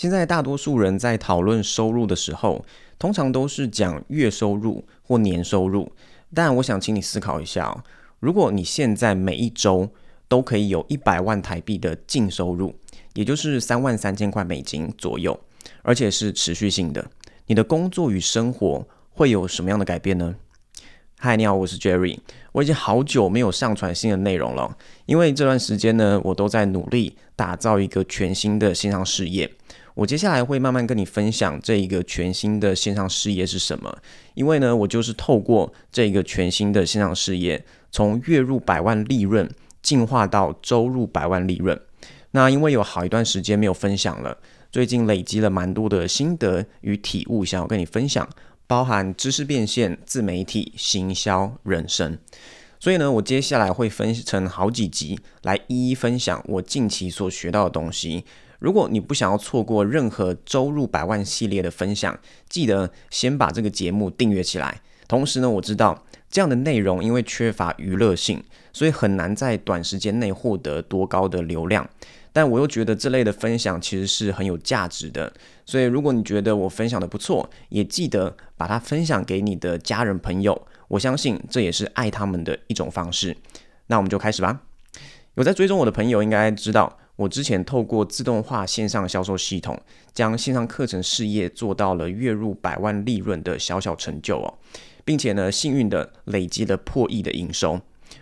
現在大多數人在討論收入的時候，通常都是講月收入或年收入。但我想請你思考一下哦，如果你現在每一周都可以有一百萬台幣的淨收入，也就是三萬三千塊美金左右，而且是持續性的，你的工作與生活會有什麼樣的改變呢？嗨，你好，我是 Jerry。我已經好久沒有上傳新的內容了，因為這段時間呢，我都在努力打造一個全新的線上事業。我接下來會慢慢跟你分享這一個全新的線上事業是什麼，因為呢，我就是透過這個全新的線上事業，從月入百萬利潤進化到周入百萬利潤。那因為有好一段時間沒有分享了，最近累積了蠻多的心得與體悟，想要跟你分享，包含知識變現、自媒體、行銷、人生。所以呢，我接下來會分成好幾集來一一分享我近期所學到的東西。如果你不想要錯過任何周入百萬系列的分享，記得先把這個節目訂閱起來。同時呢，我知道這樣的內容因為缺乏娛樂性，所以很難在短時間內獲得多高的流量。但我又覺得這類的分享其實是很有價值的，所以如果你覺得我分享的不錯，也記得把它分享給你的家人朋友。我相信這也是愛他們的一種方式。那我們就開始吧。有在追蹤我的朋友應該知道。我之前透過自動化線上銷售系統，將線上課程事業做到了月入百萬利潤的小小成就哦，並且呢，幸運的累積了破億的營收。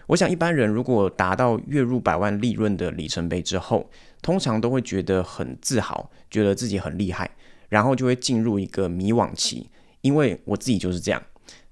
我想一般人如果達到月入百萬利潤的里程碑之後，通常都會覺得很自豪，覺得自己很厲害，然後就會進入一個迷惘期，因為我自己就是這樣。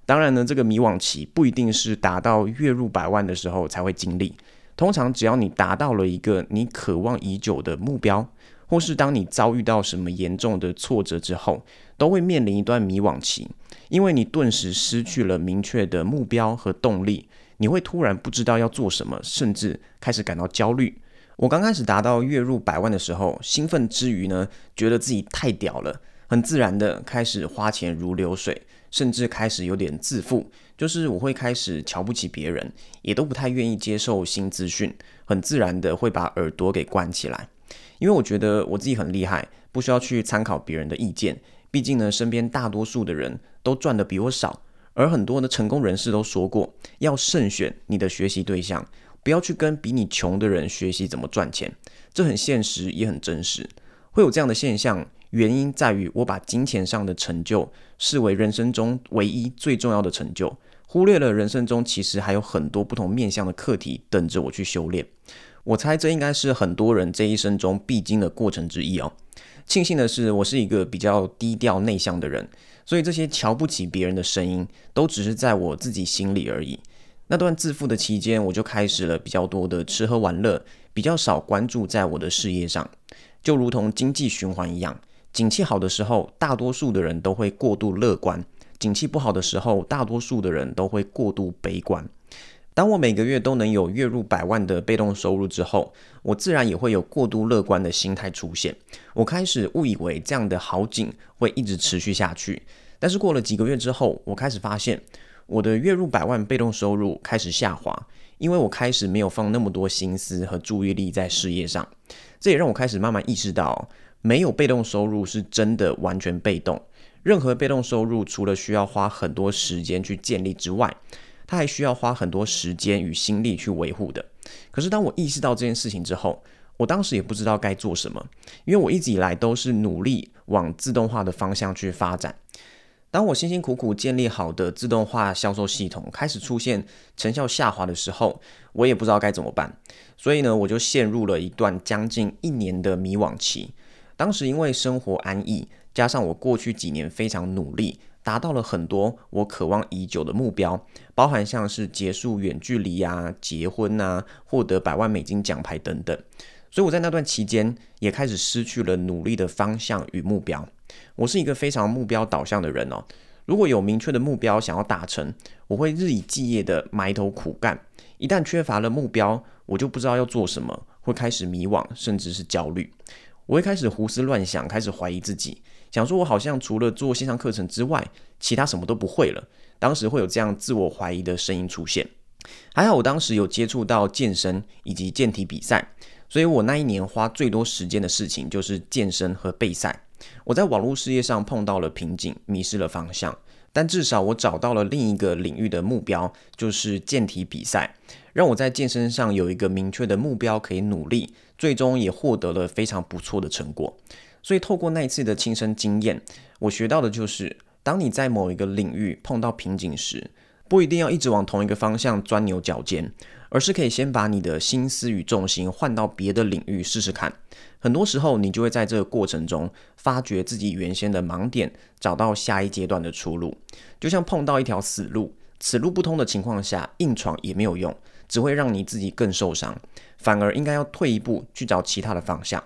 當然呢，這個迷惘期不一定是達到月入百萬的時候才會經歷。通常，只要你達到了一個你渴望已久的目標，或是當你遭遇到什麼嚴重的挫折之後，都會面臨一段迷惘期。因為你頓時失去了明確的目標和動力，你會突然不知道要做什麼，甚至開始感到焦慮。我剛開始達到月入百萬的時候，興奮之餘呢，覺得自己太屌了，很自然的開始花錢如流水，甚至開始有點自負。就是我會開始瞧不起別人，也都不太願意接受新資訊，很自然的會把耳朵給關起來，因為我覺得我自己很厲害，不需要去參考別人的意見。畢竟呢，身邊大多數的人都賺得比我少，而很多的成功人士都說過，要慎選你的學習對象，不要去跟比你窮的人學習怎麼賺錢，這很現實，也很真實，會有這樣的現象。原因在於，我把金錢上的成就視為人生中唯一最重要的成就，忽略了人生中其實還有很多不同面向的課題等着我去修煉。我猜這應該是很多人這一生中必經的過程之一哦。慶幸的是，我是一個比較低調內向的人，所以這些瞧不起別人的聲音都只是在我自己心裡而已。那段自負的期間，我就開始了比較多的吃喝玩樂，比較少關注在我的事業上，就如同經濟循環一樣。景氣好的時候，大多數的人都會過度樂觀；景氣不好的時候，大多數的人都會過度悲觀。當我每個月都能有月入百萬的被動收入之後，我自然也會有過度樂觀的心態出現。我開始誤以為這樣的好景會一直持續下去。但是過了幾個月之後，我開始發現我的月入百萬被動收入開始下滑，因為我開始沒有放那麼多心思和注意力在事業上。這也讓我開始慢慢意識到。沒有被動收入是真的完全被動。任何被動收入，除了需要花很多時間去建立之外，它還需要花很多時間與心力去維護的。可是當我意識到這件事情之後，我當時也不知道該做什麼，因為我一直以來都是努力往自動化的方向去發展。當我辛辛苦苦建立好的自動化銷售系統開始出現成效下滑的時候，我也不知道該怎麼辦，所以呢，我就陷入了一段將近一年的迷惘期。當時因為生活安逸，加上我過去幾年非常努力，達到了很多我渴望已久的目標，包含像是結束遠距離啊、結婚啊、獲得百萬美金獎牌等等，所以我在那段期間也開始失去了努力的方向與目標。我是一個非常目標導向的人哦，如果有明確的目標想要達成，我會日以繼夜的埋頭苦幹；一旦缺乏了目標，我就不知道要做什麼，會開始迷惘，甚至是焦慮。我會開始胡思亂想，開始懷疑自己，想說我好像除了做線上課程之外，其他什麼都不會了。當時會有這樣自我懷疑的聲音出現。還好我當時有接觸到健身以及健體比賽，所以我那一年花最多時間的事情就是健身和備賽。我在網絡事業上碰到了瓶頸，迷失了方向，但至少我找到了另一個領域的目標，就是健體比賽，讓我在健身上有一個明確的目標可以努力。最終也獲得了非常不錯的成果，所以透過那一次的親身經驗，我學到的就是，當你在某一個領域碰到瓶頸時，不一定要一直往同一個方向鑽牛角尖，而是可以先把你的心思與重心換到別的領域試試看。很多時候，你就會在這個過程中發掘自己原先的盲點，找到下一階段的出路。就像碰到一條死路，此路不通的情況下，硬闖也沒有用。只會讓你自己更受傷，反而應該要退一步去找其他的方向。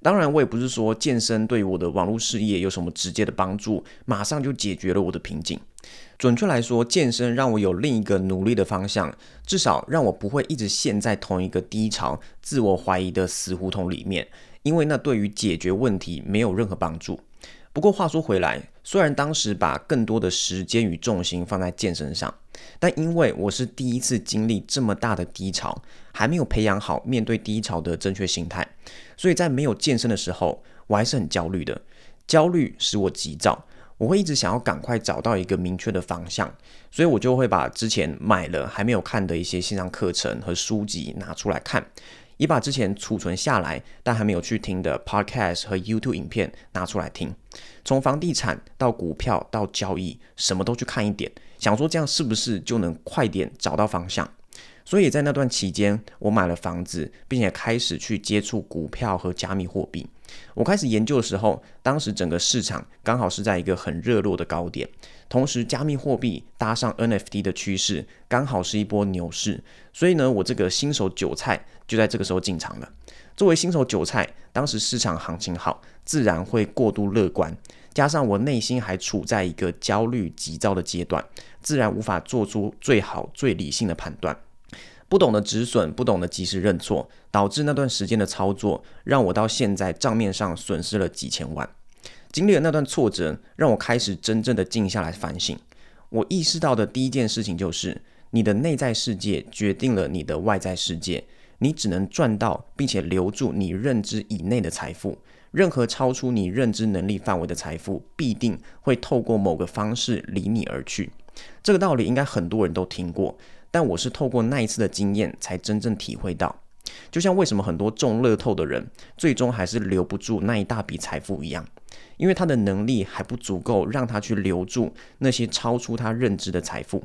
當然，我也不是說健身對於我的網絡事業有什麼直接的幫助，馬上就解決了我的瓶頸。準確來說，健身讓我有另一個努力的方向，至少讓我不會一直陷在同一個低潮、自我懷疑的死胡同裡面，因為那對於解決問題沒有任何幫助。不過話說回來，雖然當時把更多的時間與重心放在健身上，但因為我是第一次經歷這麼大的低潮，還沒有培養好面對低潮的正確心態，所以在沒有健身的時候，我還是很焦慮的。焦慮使我急躁，我會一直想要趕快找到一個明確的方向，所以我就會把之前買了還沒有看的一些線上課程和書籍拿出來看，也把之前儲存下來但還沒有去聽的 Podcast 和 YouTube 影片拿出來聽。從房地產到股票到交易，什麼都去看一點，想說這樣是不是就能快點找到方向？所以，在那段期間，我買了房子，並且開始去接觸股票和加密貨幣。我開始研究的時候，當時整個市場剛好是在一個很熱絡的高點，同時加密貨幣搭上 NFT 的趨勢，剛好是一波牛市。所以呢，我這個新手韭菜就在這個時候進場了。作為新手韭菜，當時市場行情好，自然會過度樂觀。加上我內心還處在一個焦慮急躁的階段，自然無法做出最好最理性的判斷。不懂得止損，不懂得及時認錯，導致那段時間的操作讓我到現在賬面上損失了幾千萬。經歷了那段挫折，讓我開始真正的靜下來反省。我意識到的第一件事情就是，你的內在世界決定了你的外在世界。你只能賺到並且留住你認知以內的財富。任何超出你認知能力範圍的財富，必定會透過某個方式離你而去。這個道理應該很多人都聽過，但我是透過那一次的經驗才真正體會到。就像為什麼很多中樂透的人最終還是留不住那一大筆財富一樣，因為他的能力還不足夠讓他去留住那些超出他認知的財富。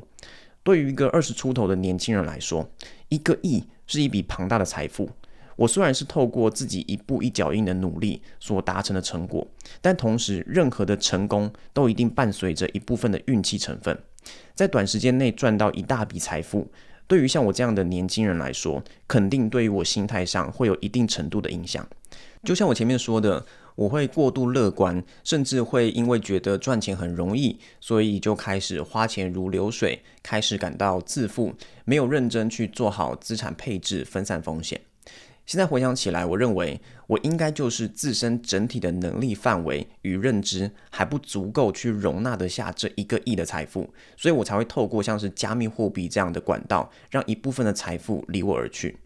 對於一個二十出頭的年輕人來說，一個億是一筆龐大的財富。我雖然是透過自己一步一腳印的努力所達成的成果，但同時任何的成功都一定伴隨着一部分的運氣成分。在短時間內賺到一大筆財富，對於像我這樣的年輕人來說，肯定對於我心態上會有一定程度的影響。就像我前面說的，我會過度樂觀，甚至會因為覺得賺錢很容易，所以就開始花錢如流水，開始感到自負，沒有認真去做好資產配置，分散風險。現在回想起來，我認為我應該就是自身整體的能力範圍與認知還不足夠去容納得下這一個億的財富，所以我才會透過像是加密貨幣這樣的管道，讓一部分的財富離我而去。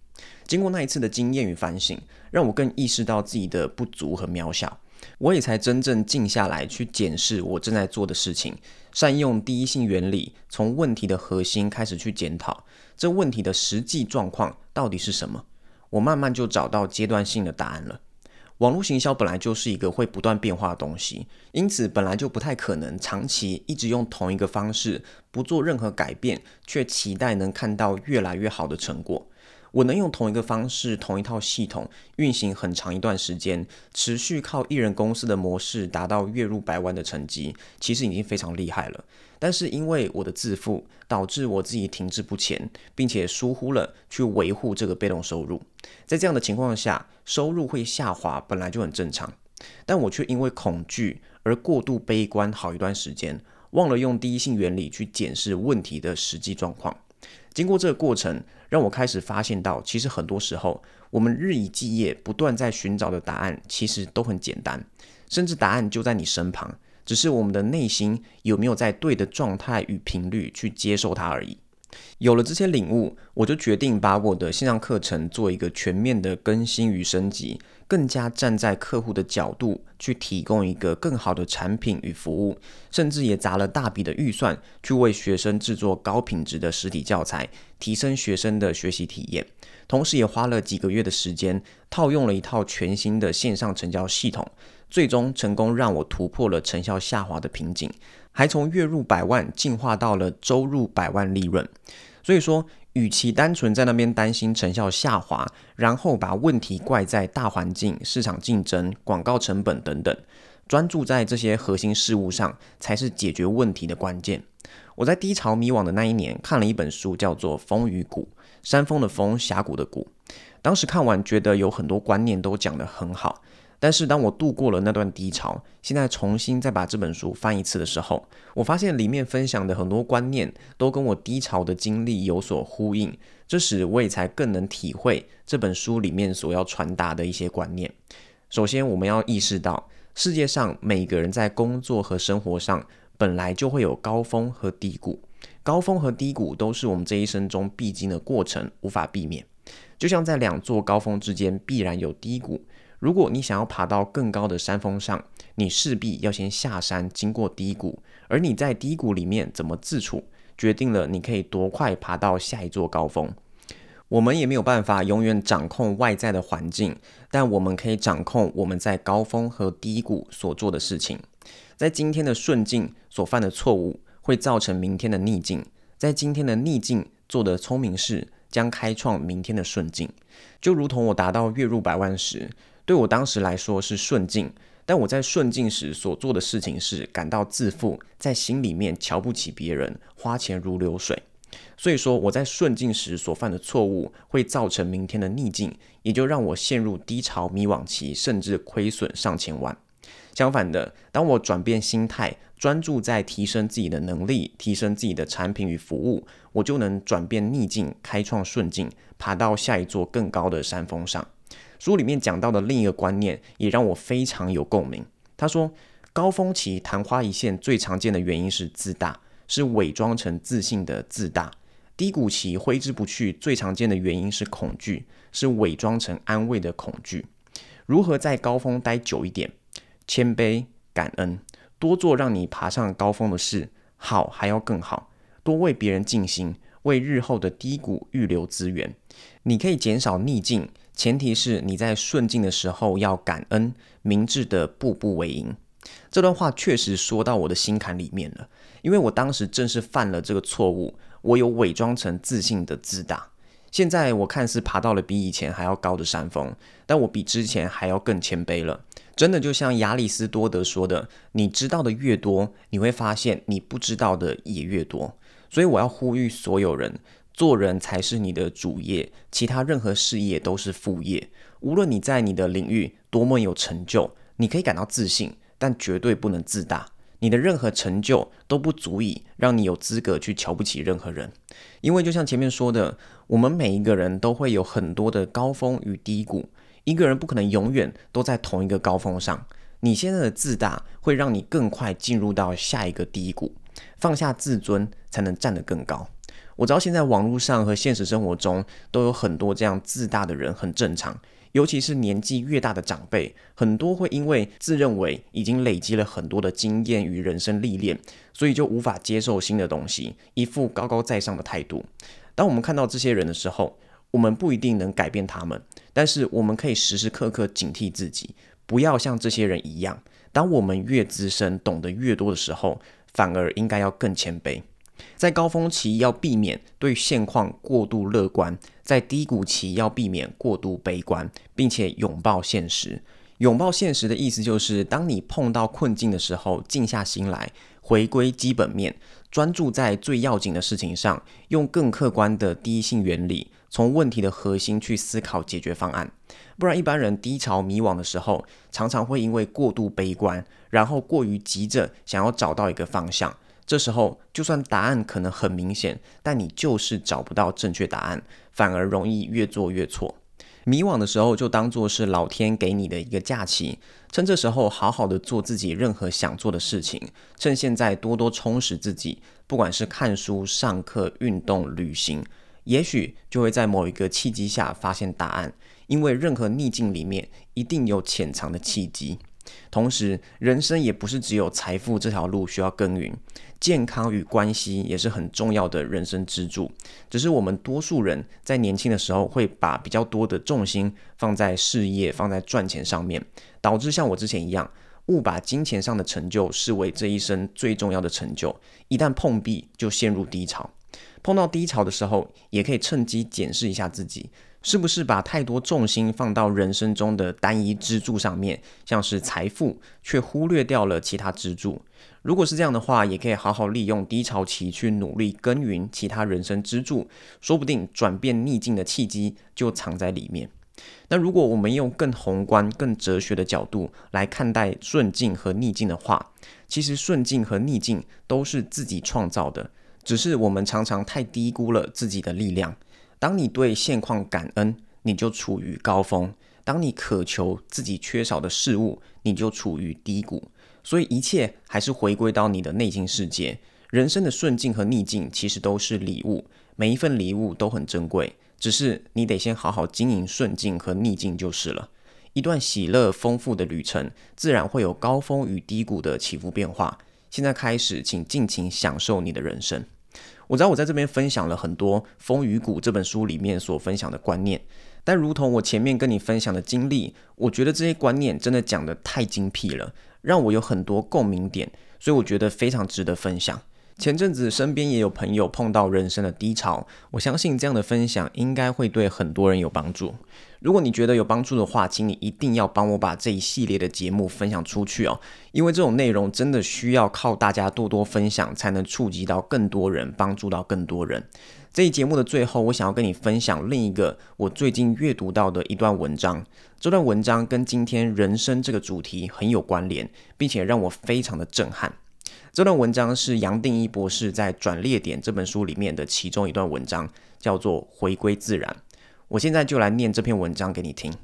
經過那一次的經驗與反省，讓我更意識到自己的不足和渺小，我也才真正靜下來去檢視我正在做的事情，善用第一性原理，從問題的核心開始去檢討，這問題的實際狀況到底是什麼。我慢慢就找到階段性的答案了。網絡行銷本來就是一個會不斷變化的東西，因此本來就不太可能長期一直用同一個方式不做任何改變，卻期待能看到越來越好的成果。我能用同一個方式、同一套系統運行很長一段時間，持續靠一人公司的模式達到月入百萬的成績，其實已經非常厲害了。但是因為我的自負，導致我自己停滯不前，並且疏忽了去維護這個被動收入。在這樣的情況下，收入會下滑，本來就很正常。但我卻因為恐懼而過度悲觀，好一段時間，忘了用第一性原理去檢視問題的實際狀況。經過這個過程，讓我開始發現到，其實很多時候，我們日以繼夜不斷在尋找的答案，其實都很簡單，甚至答案就在你身旁。只是我們的內心有沒有在對的狀態與頻率去接受它而已。有了這些領悟，我就決定把我的線上課程做一個全面的更新與升級，更加站在客戶的角度去提供一個更好的產品與服務，甚至也砸了大筆的預算去為學生製作高品質的實體教材，提升學生的學習體驗。同時也花了幾個月的時間，套用了一套全新的線上成交系統，最終成功讓我突破了成效下滑的瓶頸，還從月入百萬進化到了周入百萬利潤。所以說，與其單純在那邊擔心成效下滑，然後把問題怪在大環境、市場競爭、廣告成本等等，專注在這些核心事物上，才是解決問題的關鍵。我在低潮迷惘的那一年，看了一本書，叫做《風雨谷》。山峰的峰，峽谷的谷。當時看完覺得有很多觀念都講得很好，但是當我度過了那段低潮，現在重新再把這本書翻一次的時候，我發現裡面分享的很多觀念都跟我低潮的經歷有所呼應。這使我也才更能體會這本書裡面所要傳達的一些觀念。首先，我們要意識到世界上每個人在工作和生活上本來就會有高峰和低谷。高峰和低谷都是我們這一生中必經的過程，無法避免。就像在兩座高峰之間必然有低谷，如果你想要爬到更高的山峰上，你勢必要先下山，經過低谷。而你在低谷裡面怎麼自處，決定了你可以多快爬到下一座高峰。我們也沒有辦法永遠掌控外在的環境，但我們可以掌控我們在高峰和低谷所做的事情，在今天的順境所犯的錯誤。會造成明天的逆境，在今天的逆境做的聰明事，將開創明天的順境。就如同我達到月入百萬時，對我當時來說是順境，但我在順境時所做的事情是感到自負，在心裡面瞧不起別人，花錢如流水。所以說我在順境時所犯的錯誤，會造成明天的逆境，也就讓我陷入低潮迷惘期，甚至虧損上千萬。相反的，當我轉變心態，專注在提升自己的能力，提升自己的產品與服務，我就能轉變逆境，開創順境，爬到下一座更高的山峰上。書裡面講到的另一個觀念也讓我非常有共鳴。他說，高峰期曇花一現，最常見的原因是自大，是偽裝成自信的自大；低谷期揮之不去，最常見的原因是恐懼，是偽裝成安慰的恐懼。如何在高峰待久一點？謙卑，感恩。多做讓你爬上高峰的事，好還要更好，多為別人盡心，為日後的低谷預留資源。你可以減少逆境，前提是你在順境的時候要感恩，明智的步步為營。這段話確實說到我的心坎裡面了，因為我當時正是犯了這個錯誤，我有偽裝成自信的自大。現在我看似爬到了比以前還要高的山峰，但我比之前還要更謙卑了。真的就像亞里斯多德說的，你知道的越多，你會發現你不知道的也越多。所以我要呼籲所有人，做人才是你的主業，其他任何事業都是副業。無論你在你的領域多麼有成就，你可以感到自信，但絕對不能自大。你的任何成就都不足以讓你有資格去瞧不起任何人，因為就像前面說的，我們每一個人都會有很多的高峰與低谷。一個人不可能永遠都在同一個高峰上。你現在的自大會讓你更快進入到下一個低谷，放下自尊才能站得更高。我知道現在網絡上和現實生活中都有很多這樣自大的人，很正常。尤其是年紀越大的長輩，很多會因為自認為已經累積了很多的經驗與人生歷練，所以就無法接受新的東西，一副高高在上的態度。當我們看到這些人的時候，我們不一定能改變他們。但是我們可以時時刻刻警惕自己，不要像這些人一樣。當我們越資深、懂得越多的時候，反而應該要更謙卑。在高峰期要避免對現況過度樂觀，在低谷期要避免過度悲觀，並且擁抱現實。擁抱現實的意思就是，當你碰到困境的時候，靜下心來，回歸基本面。專注在最要緊的事情上，用更客觀的第一性原理，從問題的核心去思考解決方案。不然，一般人低潮迷惘的時候，常常會因為過度悲觀，然後過於急着想要找到一個方向。這時候，就算答案可能很明顯，但你就是找不到正確答案，反而容易越做越錯。迷惘的時候，就當做是老天給你的一個假期，趁這時候好好的做自己任何想做的事情，趁現在多多充實自己，不管是看書、上課、運動、旅行，也許就會在某一個契機下發現答案。因為任何逆境裡面一定有潛藏的契機，同時人生也不是只有財富這條路需要耕耘。健康與關係也是很重要的人生支柱，只是我們多數人在年輕的時候會把比較多的重心放在事業、放在賺錢上面，導致像我之前一樣，誤把金錢上的成就視為這一生最重要的成就，一旦碰壁就陷入低潮。碰到低潮的時候，也可以趁機檢視一下自己。是不是把太多重心放到人生中的單一支柱上面，像是財富，卻忽略掉了其他支柱？如果是這樣的話，也可以好好利用低潮期去努力耕耘其他人生支柱，說不定轉變逆境的契機就藏在裡面。那如果我們用更宏觀、更哲學的角度來看待順境和逆境的話，其實順境和逆境都是自己創造的，只是我們常常太低估了自己的力量。當你對現況感恩，你就處於高峰；當你渴求自己缺少的事物，你就處於低谷。所以一切還是回歸到你的內心世界。人生的順境和逆境其實都是禮物，每一份禮物都很珍貴，只是你得先好好經營順境和逆境就是了。一段喜樂豐富的旅程，自然會有高峰與低谷的起伏變化。現在開始，請盡情享受你的人生。我知道我在這邊分享了很多《風雨谷》這本書裡面所分享的觀念，但如同我前面跟你分享的經歷，我覺得這些觀念真的講得太精闢了，讓我有很多共鳴點，所以我覺得非常值得分享。前陣子身邊也有朋友碰到人生的低潮，我相信這樣的分享應該會對很多人有幫助。如果你覺得有幫助的話，請你一定要幫我把這一系列的節目分享出去哦，因為這種內容真的需要靠大家多多分享，才能觸及到更多人，幫助到更多人。這一節目的最後，我想要跟你分享另一個我最近閱讀到的一段文章。這段文章跟今天人生這個主題很有關聯，並且讓我非常的震撼。這段文章是楊定一博士在《轉捩點》這本書裡面的其中一段文章，叫做“回歸自然”。我現在就來念這篇文章給你聽。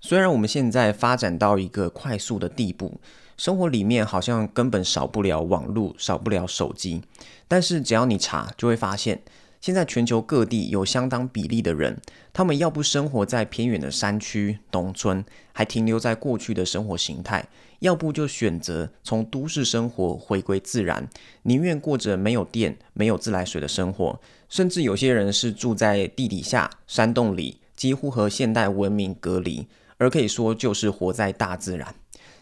雖然我們現在發展到一個快速的地步，生活裡面好像根本少不了網絡，少不了手機，但是只要你查，就會發現，現在全球各地有相當比例的人，他們要不生活在偏遠的山區、農村，還停留在過去的生活形態。要不就選擇從都市生活回歸自然，寧願過着沒有電、沒有自來水的生活，甚至有些人是住在地底下山洞裡，幾乎和現代文明隔離，而可以說就是活在大自然。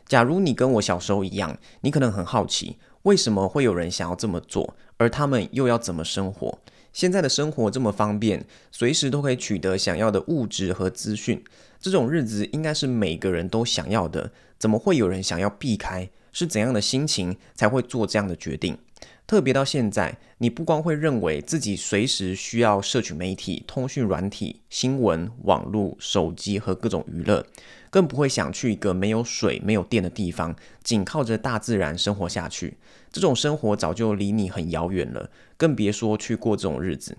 假如你跟我小時候一樣，你可能很好奇，為什麼會有人想要這麼做，而他們又要怎麼生活？現在的生活這麼方便，隨時都可以取得想要的物質和資訊。這種日子應該是每個人都想要的，怎麼會有人想要避開？是怎樣的心情才會做這樣的決定？特別到現在，你不光會認為自己隨時需要社群媒體、通訊軟體、新聞、網絡、手機和各種娛樂。更不會想去一個沒有水、沒有電的地方，僅靠着大自然生活下去。這種生活早就離你很遙遠了，更別說去過這種日子。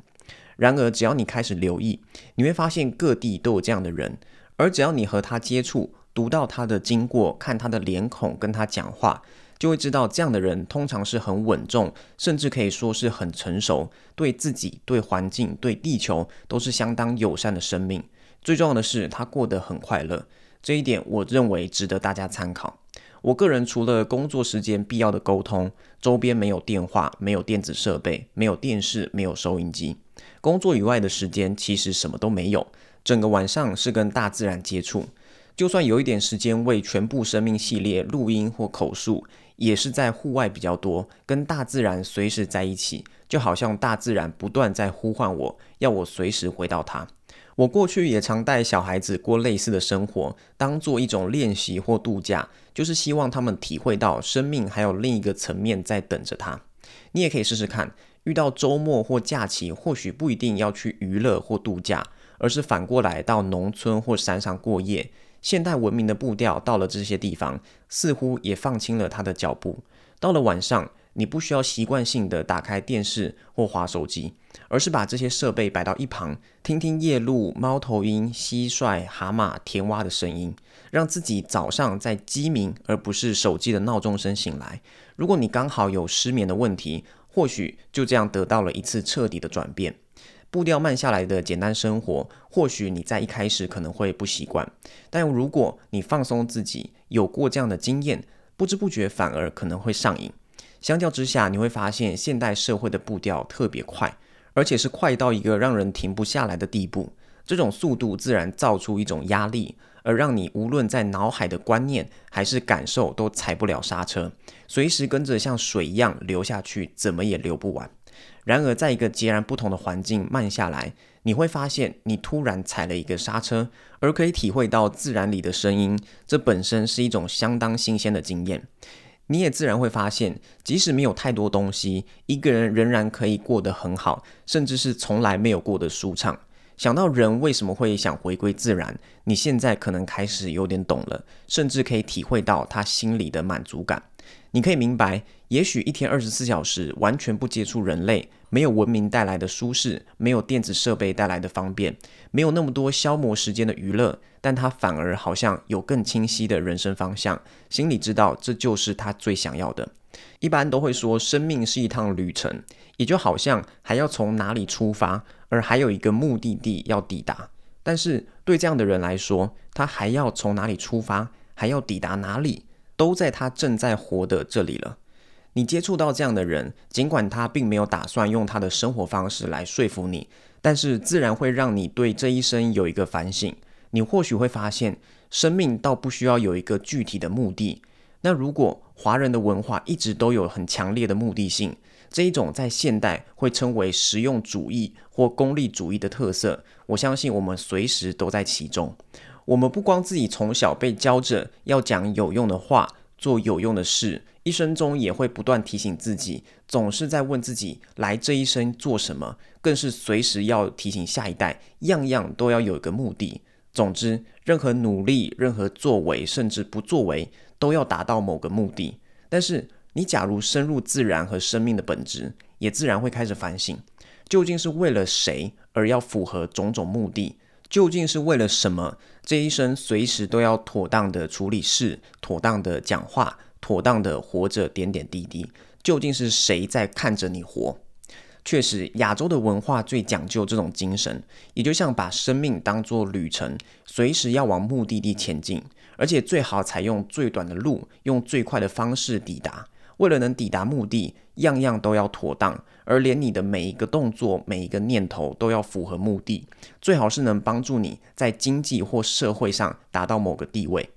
然而，只要你開始留意，你會發現各地都有這樣的人。而只要你和他接觸，讀到他的經過，看他的臉孔，跟他講話，就會知道這樣的人通常是很穩重，甚至可以說是很成熟，對自己、對環境、對地球都是相當友善的生命。最重要的是，他過得很快樂。這一點我認為值得大家參考。我個人除了工作時間必要的溝通，周邊沒有電話、沒有電子設備、沒有電視、沒有收音機。工作以外的時間其實什麼都沒有，整個晚上是跟大自然接觸。就算有一點時間為全部生命系列錄音或口述，也是在戶外比較多，跟大自然隨時在一起。就好像大自然不斷在呼喚我，要我隨時回到它。我過去也常帶小孩子過類似的生活，當做一種練習或度假，就是希望他們體會到生命還有另一個層面在等着他。你也可以試試看，遇到周末或假期，或許不一定要去娛樂或度假，而是反過來到農村或山上過夜。現代文明的步調到了這些地方，似乎也放輕了他的腳步。到了晚上，你不需要習慣性地打開電視或滑手機，而是把這些設備擺到一旁，聽聽夜鷺、貓頭鷹、蟋蟀、蛤蟆、田蛙的聲音，讓自己早上在雞鳴而不是手機的鬧鐘聲醒來。如果你剛好有失眠的問題，或許就這樣得到了一次徹底的轉變。步調慢下來的簡單生活，或許你在一開始可能會不習慣，但如果你放鬆自己，有過這樣的經驗，不知不覺反而可能會上癮。相較之下，你會發現現代社會的步調特別快。而且是快到一個讓人停不下來的地步，這種速度自然造出一種壓力，而讓你無論在腦海的觀念還是感受都踩不了剎車，隨時跟着像水一樣流下去，怎麼也流不完。然而，在一個截然不同的環境慢下來，你會發現你突然踩了一個剎車，而可以體會到自然裡的聲音，這本身是一種相當新鮮的經驗。你也自然會發現，即使沒有太多東西，一個人仍然可以過得很好，甚至是從來沒有過的舒暢。想到人為什麼會想回歸自然？你現在可能開始有點懂了，甚至可以體會到他心裡的滿足感。你可以明白，也許一天二十四小時完全不接觸人類，沒有文明帶來的舒適，沒有電子設備帶來的方便，沒有那麼多消磨時間的娛樂，但他反而好像有更清晰的人生方向，心裡知道這就是他最想要的。一般都會說，生命是一趟旅程，也就好像還要從哪裡出發，而還有一個目的地要抵達。但是，對這樣的人來說，他還要從哪裡出發，還要抵達哪裡，都在他正在活的這裡了。你接觸到這樣的人，儘管他並沒有打算用他的生活方式來說服你，但是自然會讓你對這一生有一個反省。你或許會發現，生命倒不需要有一個具體的目的。那如果華人的文化一直都有很強烈的目的性，這一種在現代會稱為實用主義或功利主義的特色，我相信我們隨時都在其中。我們不光自己從小被教着要講有用的話、做有用的事，一生中也會不斷提醒自己，總是在問自己來這一生做什麼，更是隨時要提醒下一代，樣樣都要有一個目的。總之，任何努力、任何作為，甚至不作為，都要達到某個目的。但是，你假如深入自然和生命的本質，也自然會開始反省，究竟是為了誰而要符合種種目的？究竟是為了什麼？這一生隨時都要妥當的處理事，妥當的講話，妥當的活着，點點滴滴，究竟是誰在看着你活？確實，亞洲的文化最講究這種精神，也就像把生命當作旅程，隨時要往目的地前進，而且最好採用最短的路，用最快的方式抵達。為了能抵達目的，樣樣都要妥當，而連你的每一個動作、每一個念頭都要符合目的，最好是能幫助你在經濟或社會上達到某個地位。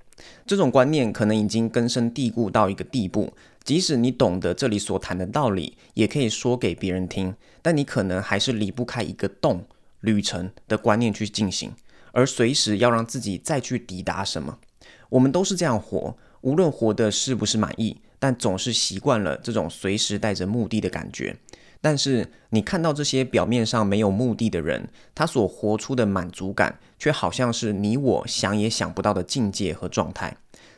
這種觀念可能已經根深蒂固到一個地步，即使你懂得這裡所談的道理，也可以說給別人聽，但你可能還是離不開一個動旅程的觀念去進行，而隨時要讓自己再去抵達什麼。我們都是這樣活，無論活得是不是滿意。但總是習慣了這種隨時帶着目的的感覺，但是你看到這些表面上沒有目的的人，他所活出的滿足感，卻好像是你我想也想不到的境界和狀態。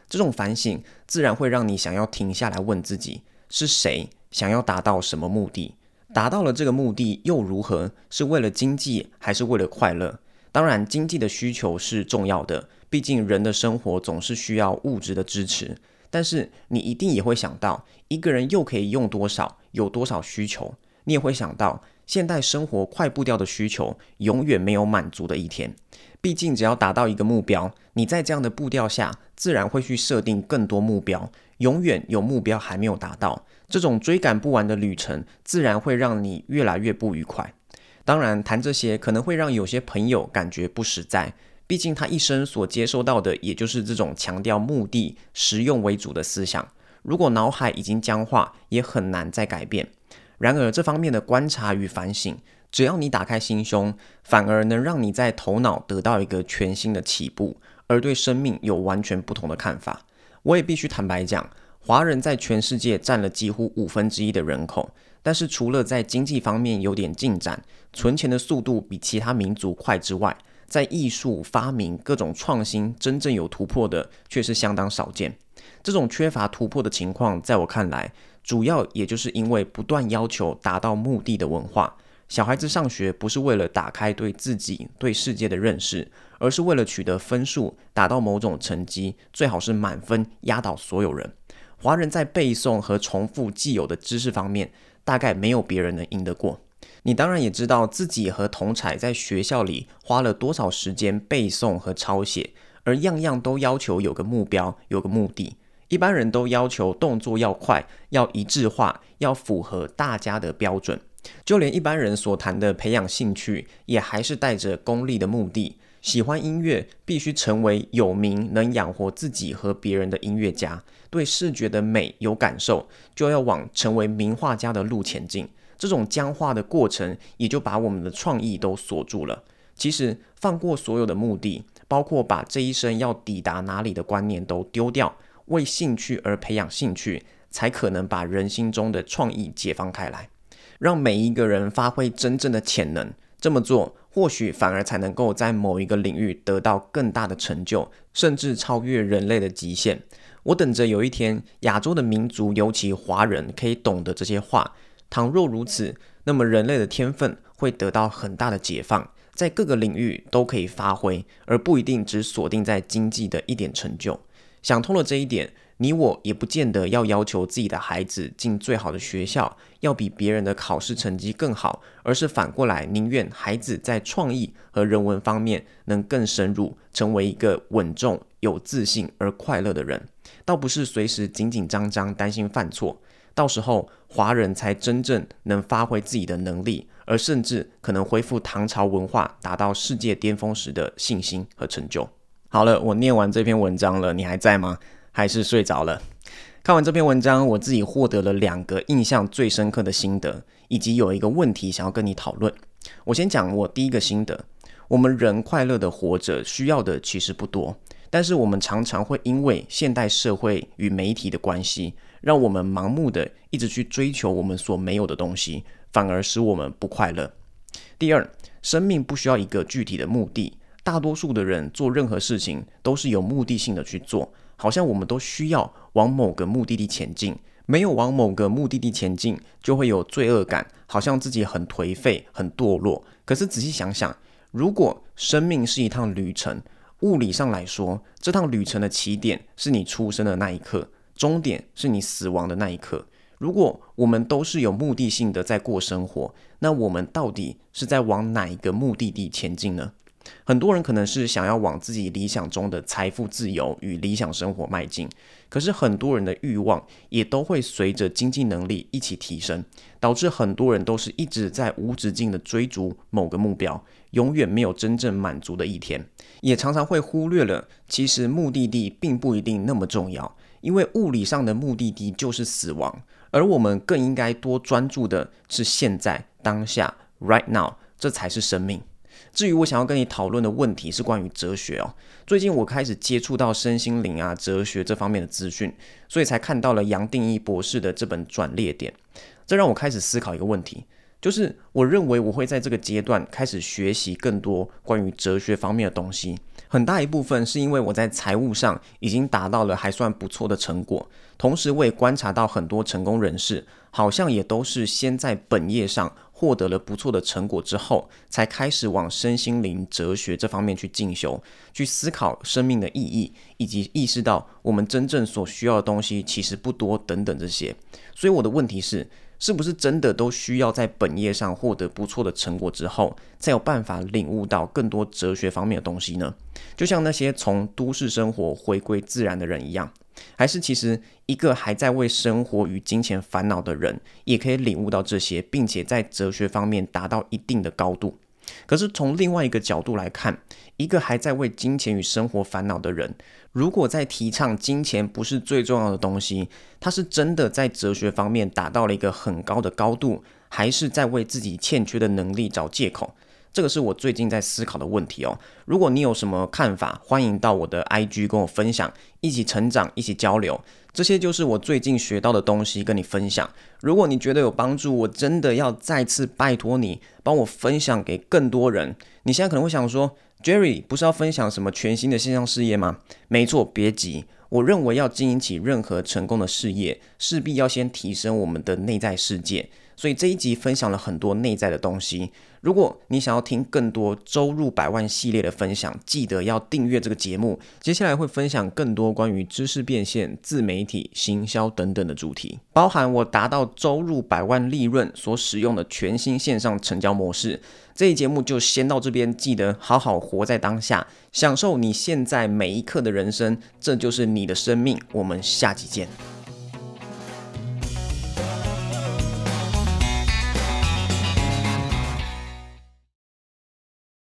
這種反省自然會讓你想要停下來問自己：是誰？想要達到什麼目的？達到了這個目的又如何？是為了經濟，還是為了快樂？當然，經濟的需求是重要的，畢竟人的生活總是需要物質的支持。但是你一定也會想到，一個人又可以用多少，有多少需求？你也會想到，現代生活快步調的需求，永遠沒有滿足的一天。畢竟，只要達到一個目標，你在這樣的步調下，自然會去設定更多目標，永遠有目標還沒有達到。這種追趕不完的旅程，自然會讓你越來越不愉快。當然，談這些可能會讓有些朋友感覺不實在。畢竟他一生所接受到的，也就是這種強調目的、實用為主的思想。如果腦海已經僵化，也很難再改變。然而，這方面的觀察與反省，只要你打開心胸，反而能讓你在頭腦得到一個全新的起步，而對生命有完全不同的看法。我也必須坦白講，華人在全世界占了幾乎五分之一的人口，但是除了在經濟方面有點進展，存錢的速度比其他民族快之外，在藝術發明各種創新，真正有突破的卻是相當少見。這種缺乏突破的情況，在我看來，主要也就是因為不斷要求達到目的的文化。小孩子上學不是為了打開對自己對世界的認識，而是為了取得分數，達到某種成績，最好是滿分，壓倒所有人。華人在背誦和重複既有的知識方面，大概沒有別人能贏得過。你當然也知道自己和同儕在學校裡花了多少時間背誦和抄寫，而樣樣都要求有個目標，有個目的。一般人都要求動作要快，要一致化，要符合大家的標準。就連一般人所談的培養興趣，也還是帶着功利的目的。喜歡音樂，必須成為有名能養活自己和別人的音樂家；對視覺的美有感受，就要往成為名畫家的路前進。這種僵化的過程，也就把我們的創意都鎖住了。其實，放過所有的目的，包括把這一生要抵達哪裡的觀念都丟掉，為興趣而培養興趣，才可能把人心中的創意解放開來，讓每一個人發揮真正的潛能。這麼做，或許反而才能夠在某一個領域得到更大的成就，甚至超越人類的極限。我等着有一天，亞洲的民族，尤其華人，可以懂得這些話。倘若如此，那麼人類的天分會得到很大的解放，在各個領域都可以發揮，而不一定只鎖定在經濟的一點成就。想通了這一點，你我也不見得要要求自己的孩子進最好的學校，要比別人的考試成績更好，而是反過來寧願孩子在創意和人文方面能更深入，成為一個穩重、有自信而快樂的人。倒不是隨時緊緊張張擔心犯錯。到時候華人才真正能發揮自己的能力，而甚至可能恢復唐朝文化，達到世界巔峰時的信心和成就。好了，我念完這篇文章了，你還在嗎？還是睡着了？看完這篇文章，我自己獲得了兩個印象最深刻的心得，以及有一個問題想要跟你討論。我先講我第一個心得：我們人快樂地活着需要的其實不多，但是我們常常會因為現代社會與媒體的關係。讓我們盲目的一直去追求我們所沒有的東西，反而使我們不快樂。第二，生命不需要一個具體的目的。大多數的人做任何事情都是有目的性的去做，好像我們都需要往某個目的地前進。沒有往某個目的地前進，就會有罪惡感，好像自己很頹廢、很墮落。可是仔細想想，如果生命是一趟旅程，物理上來說，這趟旅程的起點是你出生的那一刻。終點是你死亡的那一刻。如果我們都是有目的性的在過生活，那我們到底是在往哪一個目的地前進呢？很多人可能是想要往自己理想中的財富自由與理想生活邁進，可是很多人的欲望也都會隨着經濟能力一起提升，導致很多人都是一直在無止境的追逐某個目標，永遠沒有真正滿足的一天，也常常會忽略了其實目的地並不一定那麼重要。因為物理上的目的地就是死亡，而我們更應該多專注的是現在當下 right now，這才是生命。至於我想要跟你討論的問題是關於哲學哦。最近我開始接觸到身心靈啊哲學這方面的資訊，所以才看到了楊定一博士的這本《轉捩點》，這讓我開始思考一個問題，就是我認為我會在這個階段開始學習更多關於哲學方面的東西。很大一部分是因為我在財務上已經達到了還算不錯的成果，同時我也觀察到很多成功人士好像也都是先在本業上獲得了不錯的成果之後，才開始往身心靈哲學這方面去進修，去思考生命的意義，以及意識到我們真正所需要的東西其實不多等等這些。所以我的問題是，是不是真的都需要在本業上獲得不錯的成果之後，才有辦法領悟到更多哲學方面的東西呢？就像那些從都市生活回歸自然的人一樣，還是其實一個還在為生活與金錢煩惱的人，也可以領悟到這些，並且在哲學方面達到一定的高度？可是從另外一個角度來看，一個還在為金錢與生活煩惱的人，如果在提倡金錢不是最重要的東西，他是真的在哲學方面達到了一個很高的高度，還是在為自己欠缺的能力找借口？這個是我最近在思考的問題哦。如果你有什麼看法，歡迎到我的 IG 跟我分享，一起成長，一起交流。這些就是我最近學到的東西，跟你分享。如果你覺得有幫助，我真的要再次拜托你，幫我分享給更多人。你現在可能會想說，Jerry 不是要分享什麼全新的線上事業嗎？沒錯，別急，我認為要經營起任何成功的事業，勢必要先提升我們的內在世界。所以這一集分享了很多內在的東西。如果你想要聽更多周入百萬系列的分享，記得要訂閱這個節目。接下來會分享更多關於知識變現、自媒體、行銷等等的主題，包含我達到周入百萬利潤所使用的全新線上成交模式。這一節目就先到這邊，記得好好活在當下，享受你現在每一刻的人生，這就是你的生命。我們下集見。